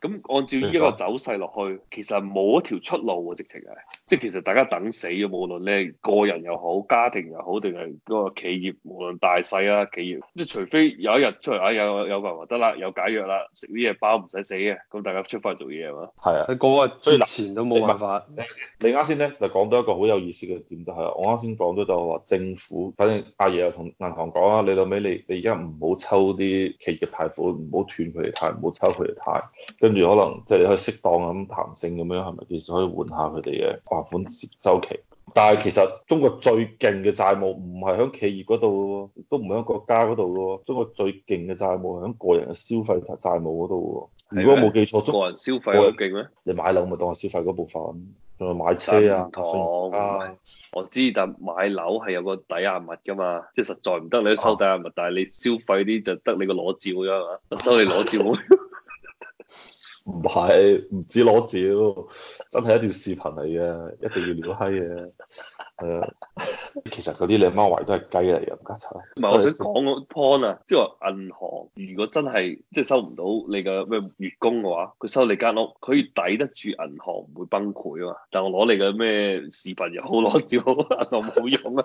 咁按照呢個走勢落去，其實冇一條出路喎，直情係，即係其實大家等死嘅，無論你個人又好，家庭又好，定係嗰個企業，無論大細啦、啊，企業即係除非有一日出嚟，哎有有辦法得啦，有解藥啦，食啲嘢包唔使死嘅，咁大家出翻嚟做嘢嘛？係啊，喺嗰個之前都冇辦法。你啱先咧就講到一個好有意思嘅點就係、是，我啱先講咗就話政府，反正阿爺又同銀行講啊，你老尾你你而家唔好抽啲企業貸款，唔好斷佢哋貸，唔好抽佢哋貸。跟住可能即係你可以適當咁彈性咁樣，係咪其實可以換下佢哋嘅還款接周期？但係其實中國最勁嘅債務唔係喺企業嗰度嘅，都唔喺國家嗰度嘅，中國最勁嘅債務係喺個人嘅消費債務嗰度嘅。嗎如果冇記錯，中國人消費個人消費勁咩？你買樓咪當我消費嗰部分？仲買車啊？啊我知，但買樓係有個抵押物噶嘛，即係實在唔得你收抵押物，啊、但係你消費啲就得你個裸照噶嘛，收你裸照。 唔係，唔止攞照，真係一段視頻嚟嘅，一定要撩閪嘅。誒，其實嗰啲你媽懷都係雞嚟嘅，唔該插。唔係，我想講個 point 啊，即係話銀行如果真係即係收唔到你嘅咩月供嘅話，佢收你間屋，佢可以抵得住銀行唔會崩潰啊嘛。但我攞你嘅咩視頻又好攞照銀行冇用啊。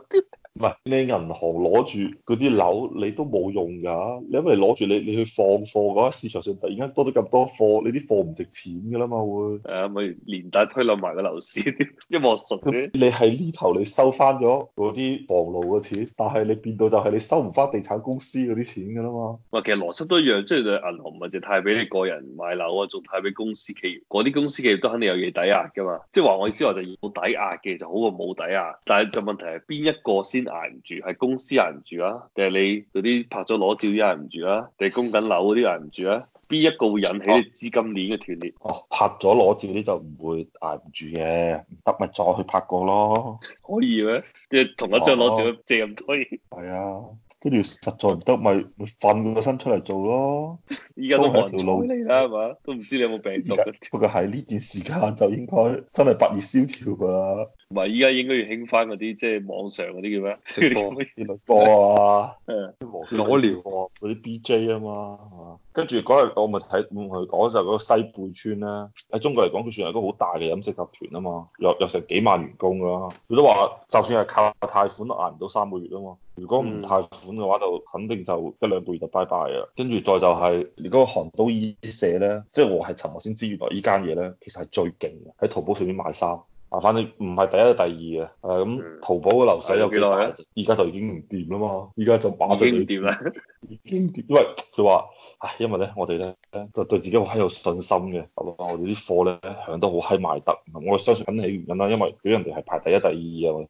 唔係你銀行攞住嗰啲樓，你都冇用噶。你因為攞住你，你去放貨嘅話，市場上突然間多咗咁多貨，你啲貨唔值錢噶啦嘛會。誒，咪連帶推冧埋個樓市，一望熟啲。你係呢頭你。你收翻咗嗰啲房奴嘅錢，但係你變到就係你收唔翻地產公司嗰啲錢嘅啦嘛。哇，其實邏輯都一樣，即係銀行唔係淨係貸俾你個人買樓啊，仲貸俾公司企業，嗰啲公司企業都肯定有嘢抵押噶嘛。即係話我意思話就係有抵押嘅就好過冇抵押，但係就問題係邊一個先捱唔住？係公司捱唔住啊？定係你嗰啲拍咗裸照依家捱唔住啊？定係供緊樓嗰啲捱唔住啊？呢一個會引起資金鏈嘅斷裂？哦、啊，拍咗裸照啲就唔會捱唔住嘅，唔得咪再去拍過咯。可以嘅，即係同一張裸照借咁多嘢。係的啊。跟住實在唔得，咪咪瞓個身出嚟做咯。依家在都係條路嚟啦，係嘛？都唔知你有冇病毒。不過喺呢段時間就應該真係百業蕭條噶啦。唔係依家應該要興翻嗰啲即係網上嗰啲叫咩即係直播啊，誒 的，裸聊啊，嗰啲 B J 啊嘛，係嘛？跟住嗰日我咪睇，我就嗰個西貝村咧，喺中國嚟講，佢算係一個好大嘅飲食集團啊嘛，有有成幾萬員工噶啦。佢都話，就算係靠貸款都捱唔到三個月啊嘛。嗯、如果唔貸款嘅話，就肯定就一兩個月就拜拜啊！跟住再就係如果個韓都衣舍咧，即係我係尋日先知原來依間嘢咧，其實係最勁嘅喺淘寶上面賣衫啊！反正唔係第一就第二嘅，誒、啊、咁淘寶嘅流水有幾耐咧？而家、嗯嗯啊、就已經唔掂啦嘛，而家就把住呢段。 經典，因為佢話，唉，因為咧，我哋咧就對自己好閪有信心嘅， 我哋啲貨咧響得好閪賣得，我哋相信咁起原因啦，因為俾人哋係排第一、第二啊，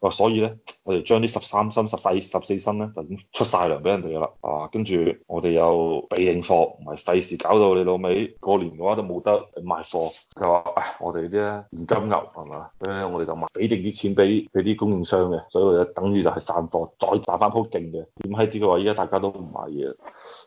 我話所以咧，我哋將啲十三薪、十四呢、十四薪咧就已經出晒糧俾人哋噶啦，啊，跟住我哋有俾應貨，唔係費事搞到你老味過年嘅話都冇得賣貨，佢話， 唉，我哋啲咧現金牛係嘛，所以我哋就買俾定啲錢俾佢啲供應商嘅，所以我哋等於就係散貨，再賺翻鋪勁嘅，點閪知佢話依家大家。都唔買嘢，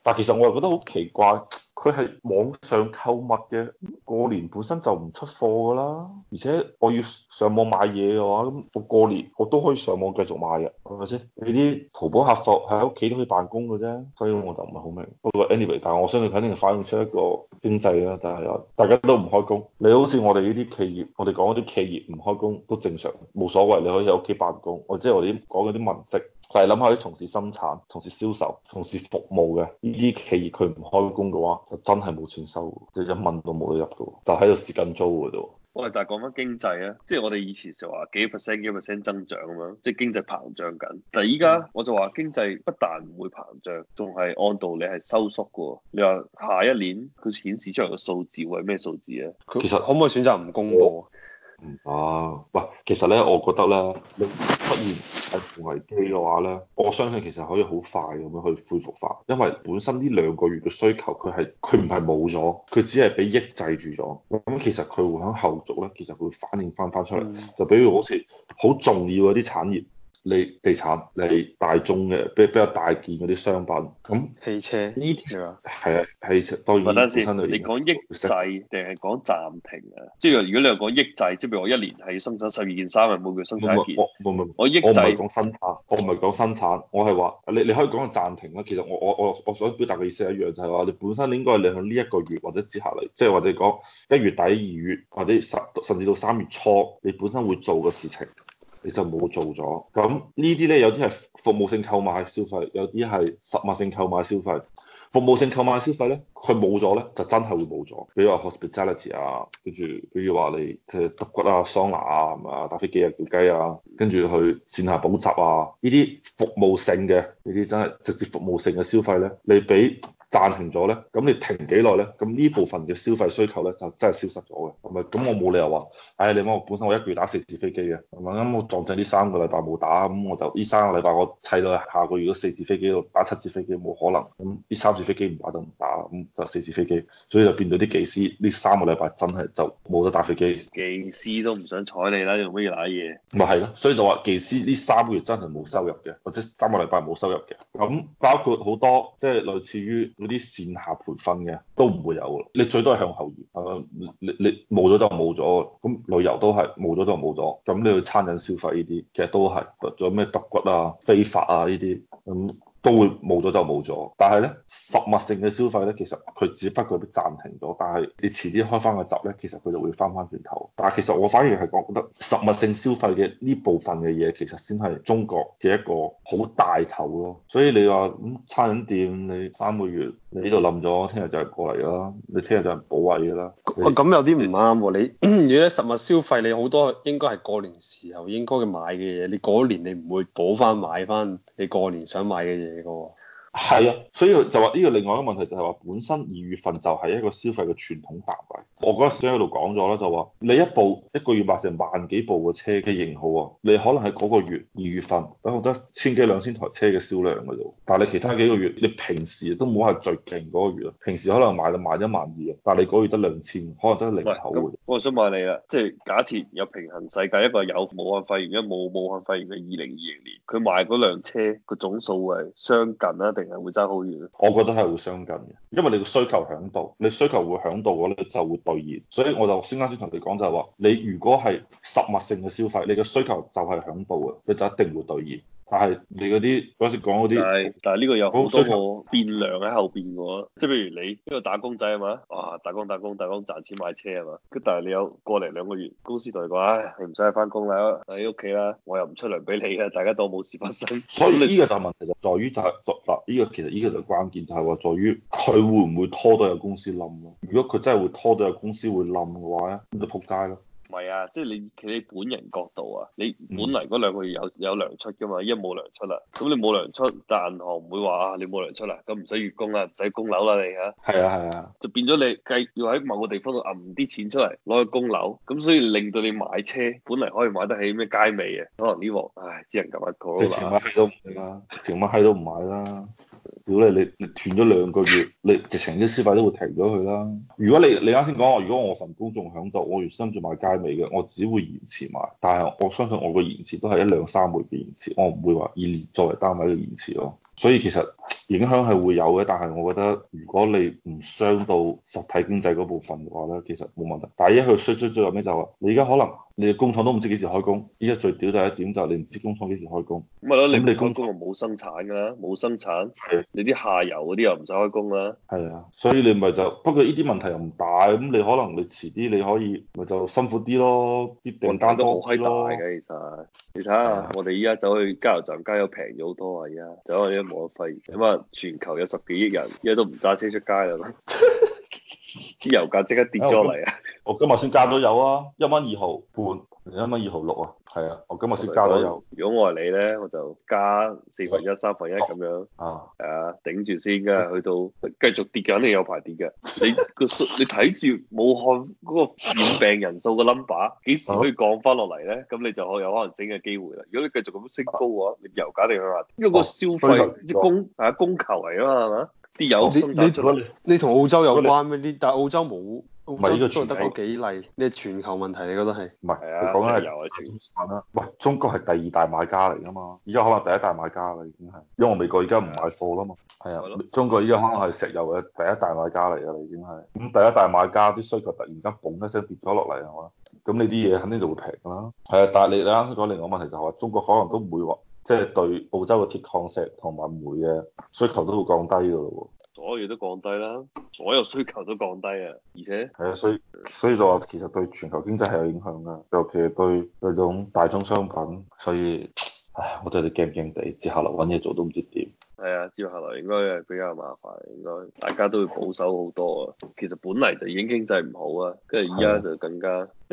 但其實我又覺得好奇怪，佢係網上購物嘅，過年本身就唔出貨㗎啦，而且我要上網買嘢嘅話，咁過年我都可以上網繼續買嘅，係咪先？你啲淘寶客服係喺屋企都可以辦公嘅啫，所以我就唔係好明。不過 anyway，但係 any 我相信肯定反映出一個經濟啦，就係大家都唔開工。你好似我哋呢啲企業，我哋講嗰啲企業唔開工都正常，冇所謂，你可以喺屋企辦公。或者我即我哋講嗰啲文職。就係諗下佢從事生產、從事銷售、從事服務嘅呢啲企業，佢唔開工嘅話，就真係冇錢收，即係一蚊都冇得入嘅，就喺度蝕緊租嘅啫。我哋就係講緊經濟啊，即係我哋以前就話幾 percent 幾 percent 增長咁樣，即係經濟膨脹緊。但係依家我就話經濟不但唔會膨脹，仲係按道理係收縮嘅。你話下一年佢顯示出嚟嘅數字會係咩數字啊？其實可唔可以選擇唔公布？唔得，喂、啊，其實咧，我覺得咧，你出現係危機嘅話咧，我相信其實可以好快咁樣去恢復翻，因為本身呢兩個月嘅需求，佢係佢唔係冇咗，佢只係俾抑制住咗。咁其實佢會響後續咧，其實會反映翻翻出嚟，就比如好似好重要嗰啲產業。你地產你大宗嘅比比較大件嗰啲商品，咁汽車呢條係啊，汽車當然，等等，本身你講抑制定係講暫停啊？嗯、即係如果你又講抑制，即係譬如我一年係要生產十二件衫，係冇叫生產一件。唔唔，我抑制唔係講生產，我唔係講生產，我係話你你可以講個暫停啦。其實我我我我所表達嘅意思一樣，就係、是、話你本身應該你喺呢一個月或者接下嚟，即係或者講一月底二月或者十甚至到三月初，你本身會做嘅事情。你就冇做咗，咁呢啲咧有啲係服務性購買消費，有啲係實物性購買消費。服務性購買消費咧，佢冇咗咧，就真係會冇咗。比如話 hospitality 啊，跟住，比如話你即係揼骨啊、桑拿啊、咁啊、打飛機啊、叫雞啊，跟住去線下補習啊，呢啲服務性嘅，呢啲真係直接服務性嘅消費咧，你俾，暫停咗咧，咁你停幾耐咧？咁呢部分嘅消費需求咧，就真係消失咗嘅。咁啊，咁我冇理由話，唉、哎，你諗我本身我一個月打四次飛機嘅，咁啊，咁我撞正呢三個禮拜冇打，咁我就呢三個禮拜我砌到下個月四次飛機，我打七次飛機，冇可能。咁呢三次飛機唔打就唔打，咁就四次飛機。所以就變到啲技師呢三個禮拜真係就冇得打飛機。技師都唔想睬你啦，你乜嘢打嘢？咪係咯，所以就話技師呢三個月真係冇收入嘅，或者三個禮拜冇收入嘅。咁包括好多即係、就是、類似於嗰啲線下培訓嘅，都唔會有。你最多係向後移，係咪？你你冇咗就冇咗。咁旅遊都係冇咗就冇咗。咁你去餐飲消費呢啲，其實都係。仲有咩揼骨啊、非法啊呢啲咁。都會冇咗就冇咗，但係呢，實物性嘅消費呢，其實佢只不過暫停咗，但係你遲啲開翻個閘呢，其實佢就會翻翻轉頭。但係其實我反而係講覺得實物性消費嘅呢部分嘅嘢，其實先係中國嘅一個好大頭咯。所以你話咁、嗯、餐飲店你三個月你呢度冧咗，聽日就係過嚟啦，你聽日就係補位噶啦。咁有啲唔啱喎，你，你 如果實物消費，你好多應該係過年時候應該買嘅嘢，你過年你唔會補翻買翻你過年想買嘅嘢。嘢嘅喎，係啊，所以就話呢個另外一個問題，就係話本身二月份就係一個消費嘅傳統淡。我嗰陣時喺度講咗啦，就話你一部一個月賣成萬幾部嘅車嘅型號啊，你可能係嗰個月二月份等得千幾兩千台車嘅銷量嘅啫。但係你其他幾個月，你平時都冇話係最勁嗰個月啊。平時可能賣到賣一萬二啊，但係你嗰月得兩千，可能得零頭。我想問你啦，即係假設有平衡世界，一個有武漢肺炎，一個冇武漢肺炎嘅二零二零年，佢賣嗰輛車個總數係相近啊，定係會爭好遠？我覺得係會相近嘅，因為你嘅需求響度，你需求會響度嘅咧就會。兌現。所以我就先啱先同你講，就係話，你如果係實物性嘅消費，你嘅需求就係響度嘅，你就一定會兌現。但係你嗰啲嗰時講嗰啲，但係呢個有好多變量喺後邊嘅，即係譬如你呢個打工仔係嘛，哇打工打工打工賺錢買車係嘛，跟住但係你有過嚟兩個月，公司同你講，唉，你唔使去翻工啦，喺屋企啦，我又唔出糧俾你嘅，大家當冇事發生。所以呢個就問題在於就在於就就呢個其實呢個就關鍵就係、是、話在於佢會唔會拖到有公司冧咯？如果佢真係會拖到有公司會冧嘅話咧，咁就仆街咯。唔係啊，即係你企喺本人角度啊，你本嚟嗰兩個月有有糧出㗎嘛，一冇糧出啦、啊，咁你冇糧出，但銀行唔會話啊，你冇糧出啦，咁唔使月供啦，唔使供樓啦你嚇，係啊係啊，啊啊啊啊啊就變咗你計要喺某個地方度揞啲錢出嚟攞去供樓，咁所以令到你買車本嚟可以買得起咩街尾啊，可能呢、這、鑊、個、唉只能夾硬攰啦，條蚊閪都唔買啦，條蚊閪都唔買啦。 料咧，你你斷咗兩個月，你直情啲消費都會停咗佢啦。如果你你啱先講話，如果我份工仲響度，我月深住買街尾嘅，我只會延遲買。但係我相信我個延遲都係一兩三個月嘅延遲，我唔會話以年作為單位嘅延遲咯。所以其實影響係會有嘅，但係我覺得如果你唔傷到實體經濟嗰部分嘅話咧，其實冇問題。但係一佢衰衰，衰最後尾就話，你而家可能。你哋工廠都唔知幾時開工，依家最屌就係一點就係你唔知工廠幾時開工。咁咪咯，你哋工廠又冇生產㗎啦，冇生產。你啲下游嗰啲又唔使開工啦。係啊，所以你咪就。不過呢啲問題又唔大，咁你可能你遲啲你可以咪就辛苦啲咯，啲訂單都好閪大嘅其實。你睇下，我哋依家走去加油站加油平咗好多啊！而家走去啲無乜費，咁啊，全球有十幾億人依家都唔揸車出街啦嘛，啲油價即刻跌咗嚟啊！我今日先加咗油啊，一蚊二毫半，一蚊二毫六啊，係啊，我今日先加咗油，啊，如果我係你咧，我就加四分一、三分一咁樣啊，係啊，頂住先㗎，去到繼續跌緊，你定有排跌嘅。你個數，你睇住武漢嗰個染病人數個 number，幾時可以降翻落嚟咧？咁你就可有可能升嘅機會啦。如果你繼續咁升高嘅話，啊、你油價定去話，因為、哦、個消費即供啊供求嚟啊嘛，係嘛？啲油你你同澳洲有關咩？啲以但澳洲冇。唔係一個全球，得嗰幾例，呢係全球問題，你覺得係？唔係，佢講緊係石油啊，中國啦，喂，中國係第二大買家嚟噶嘛？而家可能第一大買家啦，已經係，因為美國而家唔買貨啦嘛。係啊，中國而家可能係石油嘅第一大買家嚟噶啦，已經係。咁第一大買家啲需求突然間嘣一聲跌咗落嚟啊嘛，咁呢啲嘢肯定就會平啦。係啊，但係你你啱先講另外一個問題就係話，中國可能都唔會話，即係對澳洲嘅鐵礦石同埋煤嘅需求都會降低噶咯喎。所有嘢都降低啦，所有需求都降低啊，而且係啊，所以所以就話其實對全球經濟係有影響㗎，尤其係對嗰種大宗商品，所以唉，我哋都驚驚地，接下來揾嘢做都唔知點。係啊，接下來應該係比較麻煩，應該大家都會保守好多啊。其實本嚟就已經經濟唔好啊，跟住依家就更加。